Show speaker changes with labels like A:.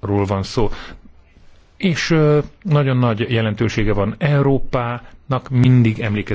A: ról van szó. És nagyon nagy jelentősége van Európának, mindig emlékezni